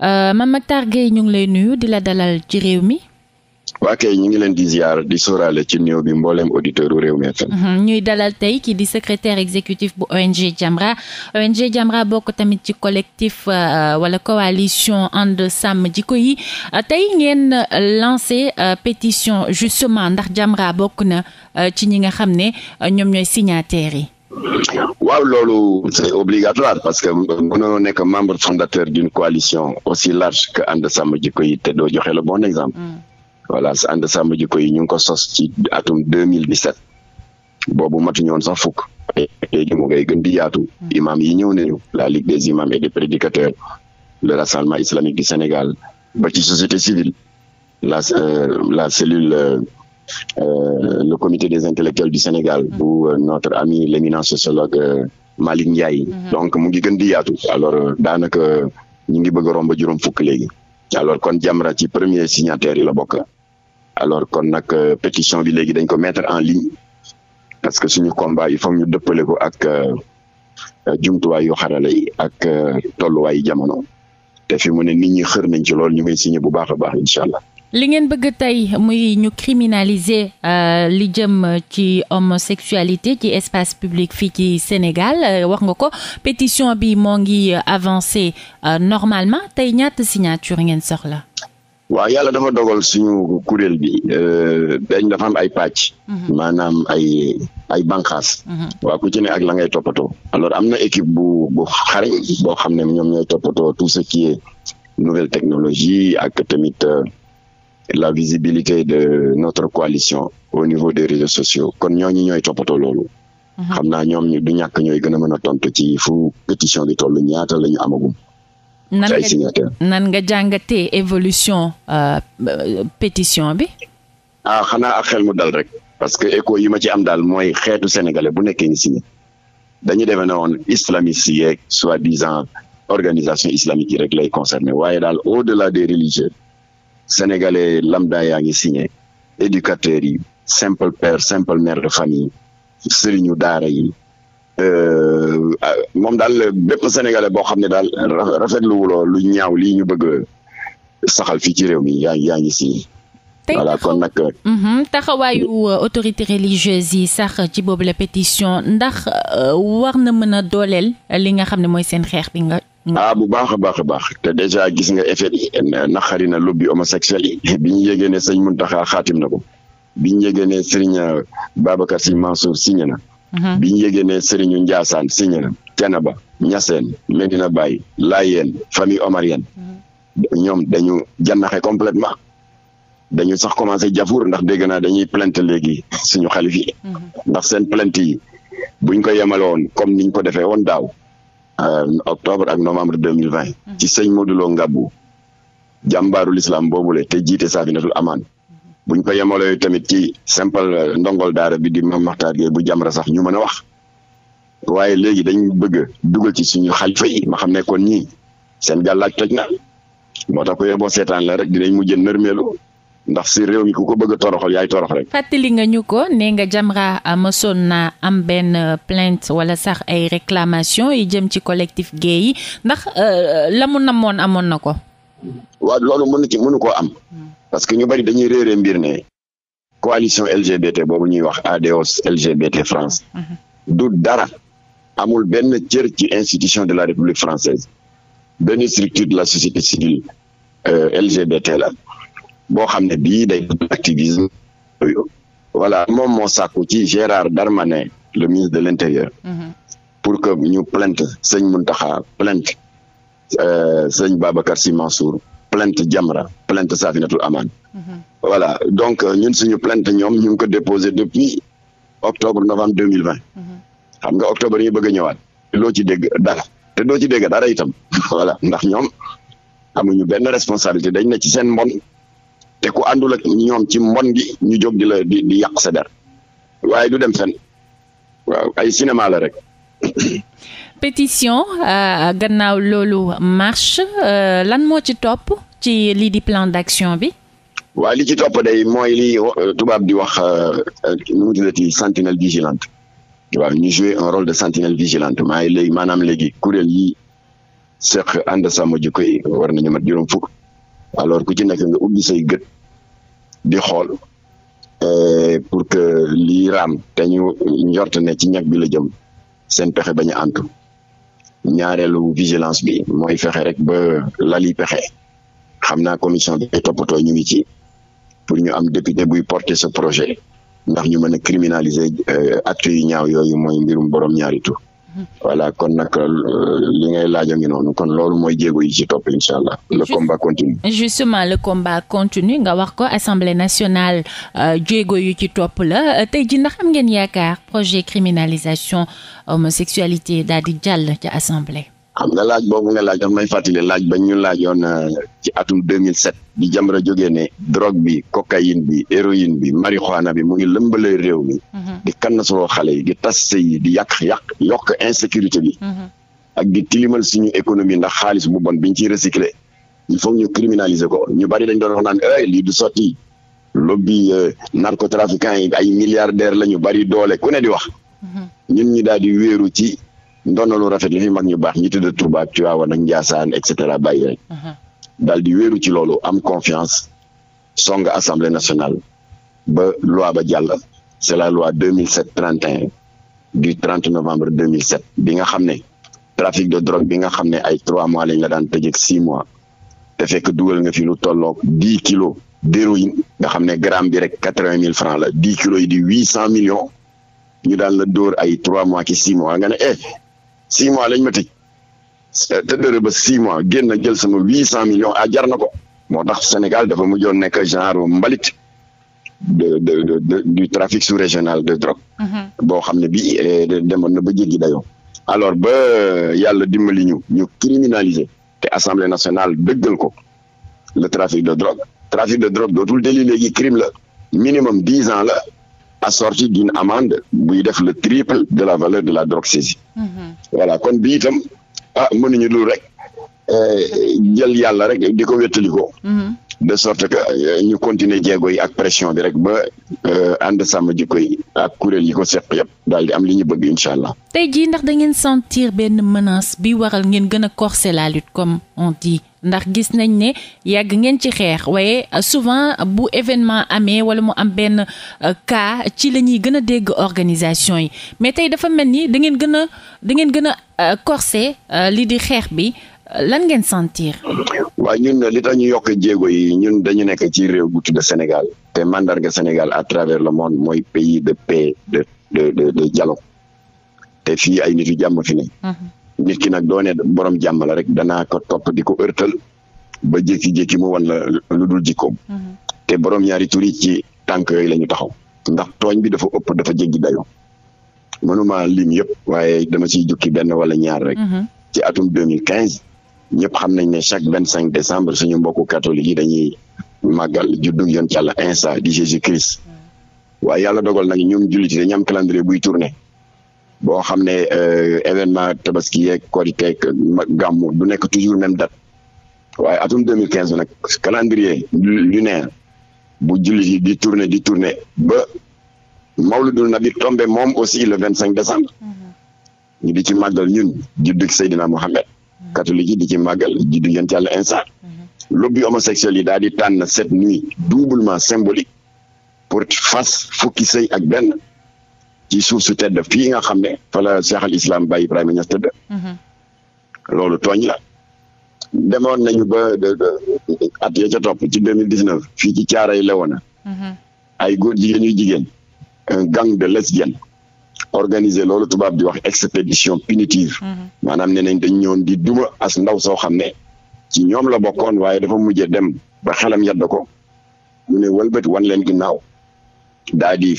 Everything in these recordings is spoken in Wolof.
Euh, Mame Mactar Gueye ñu ngi lay nuyu di la dalal ci réew mi. waa ñu ngi leen di ziar ci néew bi mbooleem auditeur u Rewmi FM mhm, ñuy dalal tey kii di secretaire exécutif bu ONG Jamra ONG Jamra bokk tamit ci collectif euh, wala coalition And Sàmm Jikko Yi euh, tey ngeen lancé pétition justement ndax Jamra bokk na ci ñi nga xam ne ñoom ñooy signataires yi waaw loolu c'est obligatoire parce que mënoo nekk membre fondateur d'une coalition aussi large que ànd sàmm jikko yi te doo joxe le bon exemple mm. voilà ànd sàmm jikko yi ñu ngi ko sos ci atum 2017 boobu matuñu woon sax fukk léegi mu ngay gën di mm. imam yi ñëw nañu la ligue des imams et des prédicateurs le rassemblement islamique du Sénégal ba ci société civile la euh, la cellule euh, Euh, le comité des intellectuels du Sénégal bu mm-hmm. euh, notre ami l'éminent sociologue euh, Malick Ndiaye mm-hmm. donc mu gi gën di yaatu alors daanaka ñu ngi bëgg a romb juróom fukk léegi alors kon Jamra ci premier signataire yi la bokk alors kon nag pétition bi léegi dañ ko mettre en ligne parce que suñu combat il faut ñu dëppale ko ak jumtuwaay yu xarala ak ak tolluwaayu jamono te fi mu ne nit ñi xër nañ ci lool ñu ngi signé bu baax a baax incha allah. li ngeen bëgg tey muy ñu criminaliser euh, li jëm ci homosexualité ci espace public fii ci Sénégal euh, wax nga ko pétition bi moo ngi avancé euh, normalement tey ñaata signature ngeen soxla. waaw yàlla dafa dogal suñu kuréel bi dañ dafa am ay pàcc. Mhm. maanaam ay ay bànqaas. Mhm. waaw ku ci ne ak la ngay toppatoo. alors am na équipe bu bu xarañ boo xam ne ñoom ñooy toppatoo tout ce qui est nouvelle technologie ak tamit. la visibilité de notre coalition au niveau des réseaux sociaux kon ñooñu ñooy toppatoo loolu. Mhm. xam naa ñoom ñu du ñàkk ñooy gën a mën a tontu ci fu pétition bi toll ñaata la ñu amagum. nan nga nan nga jàngatee évolution euh, pétition bi. a ah, xanaa ak xel mu dal rek. parce que écho yi ma ci am daal mooy xeetu sénégalais bu nekkee ñu signé dañu demee ne woon islamiste yeeg soi-disant organisation islamique yi rek lay concerné waaye daal au-delà des religieux. sénégalais lambda yaa ngi signé éducateurs yi simple père simple mère de famille sëriñu daara yi euh, ah, moom daal bépp sénégalais boo xam ne daal rafetluwuloo lu ñaaw lii ñu bëgg saxal fii ci réew mi yaa yaa ngi signé voilà kon nag euh, mhm, taxawaayu euh, autorité religieuse yi sax ci boobu la pétition ndax war na mën a dooleel li nga xam ne mooy seen xeex bi ah bu baax a baax a baax te dèjà gis nga effet yi euh, naqari na lobby homosexuel yi bi ñu yégee ne sëñ Muntaxa xaatim na ko bi ñu yégee ne Serigne euh, Babacar Sy Mansour signé na mhm. bi ñu yégee ne Serigne Ndiassane signé na Thiénaba Niassène Medina Baye Layène famille omarienne mhm. ñoom dañu jànnaxe completement dañu sax commencé jafur ndax dégg naa dañuy plainte léegi suñu xalifi mhm. ndax seen plainte yi buñ ko yemale woon comme niñ ko defee woon daaw Euh, octobre ak novembre deux mille vingt mhm. ci sëñ Modou Lo Ngabou jàmbaaru lislaam boobule te jiite saafinatul amaan buñ ko yemaloo tamit ci simple euh, ndongol daara bi di Mame Makhtar Gueye bu Jamra sax ñu mën a wax waaye léegi dañ bëgg dugal ci suñu xalifa yi ma xam ne kon ñii seen gàllaaj toj na moo tax ko yeboo seetaan la rek dinañ mujjë nërmeelu ndax si réew mi ku ko bëgg a toroxal yaay torox rek. fàttali nga ñu ko nee nga Jamra amason ah, na am benn euh, plainte wala sax ay réclamation yi jëm ci collectif gay yi ndax euh, la mu moon amoon na ko. waa loolu mënu ci mënu koo am. Hmm. parce que ñu bari dañuy réeree mbir ne. coalition LGBT boobu ñuy wax ADOS LGBT France. Hmm. Hmm. du dara. amul benn cër ci institution de la République française benn structure de la société civile euh, LGBT la. boo xam ne bii day activisme yooyu voilà moom moo sàkku ci Gérard Darmanin le ministre de l'intérieur mhm. pour que ñu plainte sëñ taxa plainte euh, sëñ Babacar Sy Mansour plainte Jamra plainte Safinatul Aman mhm. voilà donc ñun suñu plainte ñoom ñu ngi ko déposé depuis octobre novembre deux mhm. xam nga octobre ñu bëgg a ñëwaat loo ci dégg dara te doo ci dégg dara itam voilà ndax ñoom amuñu benn responsabilité dañ ne ci seen mbon te ku àndul ak ñoom ci mbon gi ñu jog di la di yàq sa der waaye du dem fenn waaw ay cinéma la rek. pétition euh, gannaaw loolu marche euh, lan moo ci topp ci lii di plan d'action bi. waaw li ci topp day mooy li euh, tubaab di wax euh, euh, nu mu tuddati sentinelle vigilante waaw ñu jouer un rôle de sentinelle vigilante maa léegi maanaam léegi kuréel yi seq ànd sama jikko yi war ñu mat juróom fukk. alors ku ci nekk nga ubbi say gët di xool eh, pour que lii raam te ñu njort ne ci ñag bi la jëm seen pexe ba a antu ñaareelu vigilance bi mooy fexe rek ba lali pexe xam naa commission bi toppatoo ñu ngi ci pour ñu am député buy porter ce projet ndax ñu mën a criminaliser eh, actes yu ñaaw yooyu mooy mbirum borom ñaari tur voilà kon nag euh, li ngay laaj a ngi noonu kon loolu mooy jéego yi ci topp incha allah le combat continue. justement le combat continue nga wax ko assemblée nationale euh, jéego yu ci topp la euh, tey ji ndax am ngeen yaakaar projet criminalisation homosexualité daal di jàll ci assemblée. xam nga laaj boobu nga laaj daf may fàttali laaj bañ ñu laajoon euh, ci atum 2007 bi Jamra jógee ne drogue bi cocaïne bi héroïne bi marijuana bi mu ngi lëmbalee réew mi. Mhm. di kannasuloo xale yi di tas sëy yi di yàq yàq yokk insécurité bi. Mhm. ak di tilimal suñu économie ndax xaalis bu bon bi ciy recycler il faut ñu criminaliser ko ñu bari dañ doon wax naan eh lii du sotti lobby euh, narcotrafiquant yi ay milliardaires la ñu bari doole ku ne di wax. Mhm. ñun ñu daal di wéeru ci. ndono lu rafet li fi mag ñu baax ñi tëdd Touba ak Tivaouane ak Ndiassane et cetera bàyyi rek. Uh-huh. daal di wéeru ci loolu am confiance song assemblée nationale ba loi ba jàll c' est la loi 2007 31 du 30 novembre 2007 bi nga xam ne trafic de drogue bi nga xam ne ay 3 mois lañ la daan tëjee 6 mois te fekk dugal nga fi lu tolloog kilo kilos d'héroïne nga xam ne gramme bi rek 80 mille francs la 10 kilos yi di 800 millions ñu daal la dóor ay 3 mois ki 6 mois nga eh, six mois lañ ma tëj eh, tëddërë ba six mois génn jël sama huit cent millions a ah, jar ko moo tax Sénégal dafa mujjoon nekk genre mbalit de de de, de du trafic sous-régional de drogue. Mhm. boo xam ne bii eh, demoon na ba jéggi dayoo. alors ba eh, yàlla dimbali ñu ñu criminaliser te assemblée nationale dëggal ko le trafic de drogue trafic de drogue dootul délit léegi crime la minimum dix ans la assorti d'une amende buy def le triple de la valeur de la drogue saisie. Mhm. voilà kon bi itam ah mënuñu dul rek eh, jël yàlla rek di ko wéttalikoo mm-hmm. de sorte que eh, ñu continuer jéego yi ak pression bi rek ba eh, ànd sàmm jikko yi ak kuréel yi ko seq yëpp daal di am li ñu bëgg incha allah. tey jii ndax da ngeen sentir benn menace bi waral ngeen gën a corser la lutte comme on dit. ndax gis nañ ne yàgg ngeen ci xeex waaye euh, souvent euh, bu événement amee wala mu am benn euh, cas ci la ñuy gën a dégg organisation yi mais tey dafa mel ni da ngeen gën a da ngeen gën a corsé li di xeex bi lan ngeen sentir. waa ñun li tax ñu yokk jéego yi ñun dañu nekk ci réew bu tudd Sénégal te mandarga Sénégal à travers le monde mooy pays de paix de de de dialogue te fii ay nit yu jàmm fi ne. Mhm. nit ki nag doone boroom jàmm rek danaa ko topp di ko ba jékki-jékki mu wan la lu dul jikkoom. Mhm. te borom ñaari tur yi ci tànk yooyu la ñu taxaw. ndax tooñ bi dafa ëpp dafa jéggi dayoo. mënuma lim yëpp waaye dama ci jukki benn wala ñaar rek. Mhm. ci atum quinze ñëpp xam nañ ne chaque vingt cinq décembre suñu mbokku catholique yi dañuy màggal juddug yoon ci Yàlla Insa di Jésus Christ. Mhm. waaye yàlla dogal nag ñoom jullit yi dañu am calendrier buy tourné. boo xam ne euh, événement tabaski yeeg korite gàmmu du nekk toujours même date waaye atum 2015 nag calendrier lunaire bu jullit yi di tourné di tourné ba mawludul nabi tombé moom aussi le vingt cinq décembre mhm. ñu di ci màggal ñun juddu Seydina Mohamed mhm. catholique yi di ci màggal juddu yent mhm. homosexuel yi daal di tànn cette nuit doublement symbolique pour fas fukki sëy ak benn ci suuf su tedd fii nga xam ne fa la Cheikh al Islam Baye Ibrahima Niass tëdd mhm. loolu tooñ la demoon nañu ba at ya ca topp ci deux mille dix neuf fii ci caaray la woon mhm. ay góor jigéen yu jigéen gang de lesbiennes organiser loolu tubaab di wax expédition punitive mhm. maanaam ne nañ dañ di duma as ndaw soo xam ne ci ñoom la bokkoon waaye dafa mujjee dem ba xelam yadda ko mu ne wëlbati wan leen ginnaaw daa di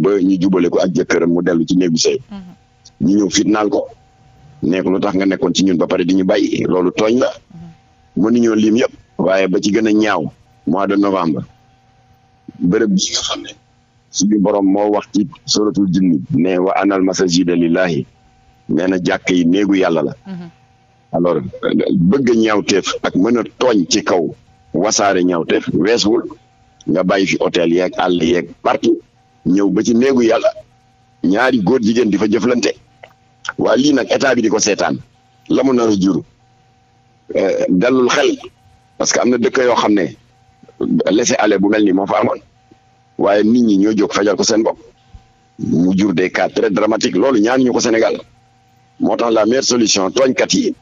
ba ñu jubale ko ak jëkkëram mu dellu ci néegu sëy mhm. ñu ñëw fitnaal ko nekk lu tax nga nekkoon ci ñun ba pare di ñu loolu tooñ la mhm. mënuñoo lim yëpp waaye ba ci gën a ñaaw mois de novembre bërëb bi nga xam ne moo wax ci suratul jinni ne wa anal masajida lillahi nee na jàkk yi néegu yàlla la mhm. alors bëgg ñaaw teef ak mën a ci kaw wasaare ñaaw teef weesuwul nga bàyyi fi hôtel yeeg àll yeeg partout ñëw ba ci néegu yàlla ñaari góor jigéen di fa jëflante waa lii nag état bi di ko seetaan la mu nar a jur euh, dalul xel parce que am na dëkk yoo xam ne laisser-aller bu mel ni moo fa amoon waaye nit ñi ñoo jóg fajal ko seen bopp mu jur des cas dramatique dramatiques loolu ñaanuñu ko senegal moo tax la meilleure solution tooñkat yi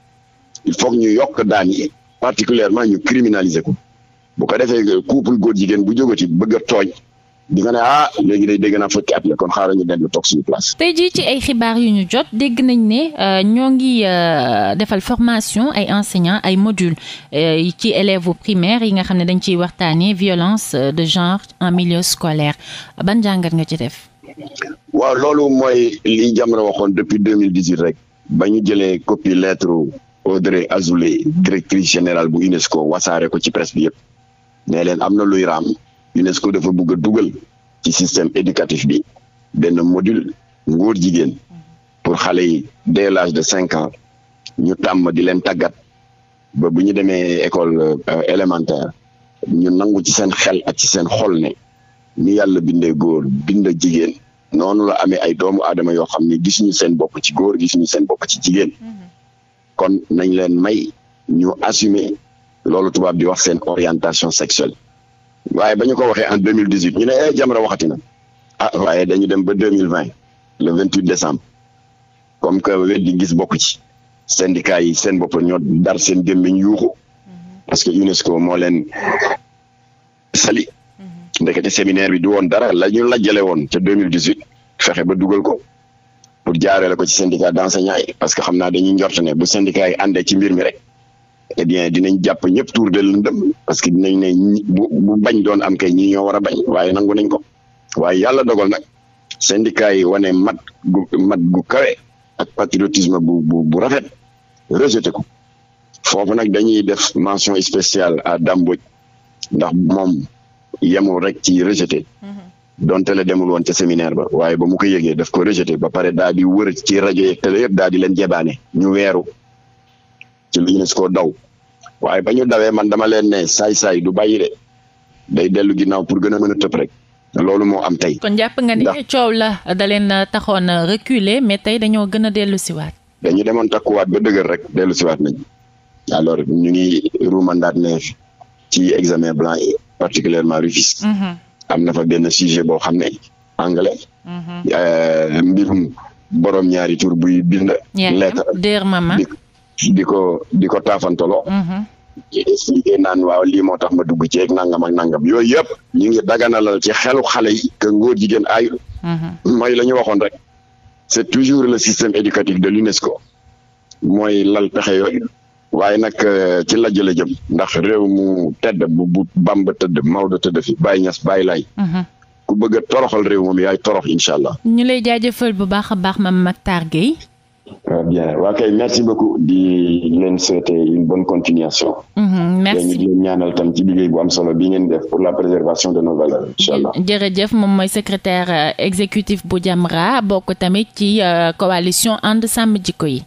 il faut ñu yokk daan yi particulièrement ñu criminaliser ko bu ko defee couple góor jigéen bu jógati bëgg a tooñ di nga ne ah léegi day dégg naa fukki at la kon xaaral ñu dellu toog suñu place. tey jii ci ay xibaar yu ñu jot dégg nañ ne euh, ñoo ngi euh, defal formation ay enseignants ay modules euh, ci élèves primaires yi nga xam ne dañ ciy waxtaanee violence de genre en milieu scolaire ban jàngat nga ci def. waaw loolu mooy li Jamra waxoon depuis deux mille dix huit rek ba ñu jëlee copie lettre Audrey Azoulay directrice générale bu UNESCO wasaare ko ci presse bi yëpp. nee leen am na luy raam UNESCO dafa bëgg a dugal ci système éducatif bi benn modil ngóor jigéen pour xale yi dès l'âge de cinq ans ñu tàmm di leen tàggat ba bu ñu demee école euh, élémentaire ñu nangu ci seen xel ak ci seen xol ne ni yàlla bindee góor bind jigéen noonu la amee ay doomu aadama yoo xam ne gisuñu seen bokk ci góor gisuñu seen bopp ci jigéen mm-hmm. kon nañ leen may ñu assumer loolu tubaab di wax seen orientation sexuelle waaye ba ñu ko waxee en deux mille dix huit ñu ne eh Jamra waxati na ah waaye dañu dem ba deux mille vingt le vingt huit décembre comme que weddi gis bokk ci syndicat yi seen bopp ñoo dar seen gémmiñ yuuxu parce que UNESCO moo leen sali ndekete séminaire bi du woon dara la ñu lajjale woon ca deux mille dix huit fexe ba dugal ko pour jaaree la ko ci syndicat d'enseignants yi parce que xam naa dañuy njort ne bu syndicat yi àndee ci mbir mi rek eh bien dinañ jàpp ñëpp tuur de dem parce que dinañ ne bu bañ doon am kay ñi ñoo war a bañ waaye nangu nañ ko waaye yàlla dogal nag syndicat yi wane mat gu mat gu kawe ak patriotisme bu bu bu rafet rejeté ko foofu nag dañuy def mention spéciale à Damboj ndax moom yemul rek ci rejeté mm-hmm. donte la demul woon ca séminaire ba waaye ba mu ko def daf ko rejeté ba pare daal di wër ci rajo yeeg télé yëpp daal di leen jebaane ñu weeru ci lu ñu koo daw waaye ba ñu dawee man dama leen ne saay-saay du bàyyi de day dellu ginnaaw pour gën a mën a tëb rek loolu moo am tey. kon jàpp nga ne coow la da leen euh, taxoon euh, reculer mais tey dañoo gën a dellu siwaat dañu demoon takkuwaat ba dëgër rek dellu siwaat nañ alors ñu ngi ruumandaat ne ci examen blanc yi particulièrement Rufisque. Mm-hmm. am na fa benn sujet boo xam ne anglais. Mm-hmm. Euh, mbirum borom ñaari tur buy bind. lettre dër mama di ko di ko taafantaloo. Mhm. di expliqué naan waaw lii moo tax ma dugg ceeg nangam ak nangam yooyu yëpp. ñu ngi daganalal ci xelu xale yi. que ngóor jigéen aayul. Mhm. mooy la waxoon rek. c'est toujours la système éducatif de l'UNESCO mooy lal pexe yooyu. waaye nag euh, ci la jële jëm ndax réew mu tedd bu bu Bamba tëdd Maodo tëdd fi Baye Niass Baye Laye. Mhm. ku bëgg a toroxal réew moom yaay torox incha allah. ñu lay jaajëfal bu baax a baax Mame Mactar Guèye. Très bien waa di leen souhaiter une bonne continuation. Mm-hmm, merci bu am solo bi ngeen def pour jërëjëf moom mooy secrétaire euh, exécutif bu Jamra ko tamit ci euh, coalition And Sàmm Jikko Yi.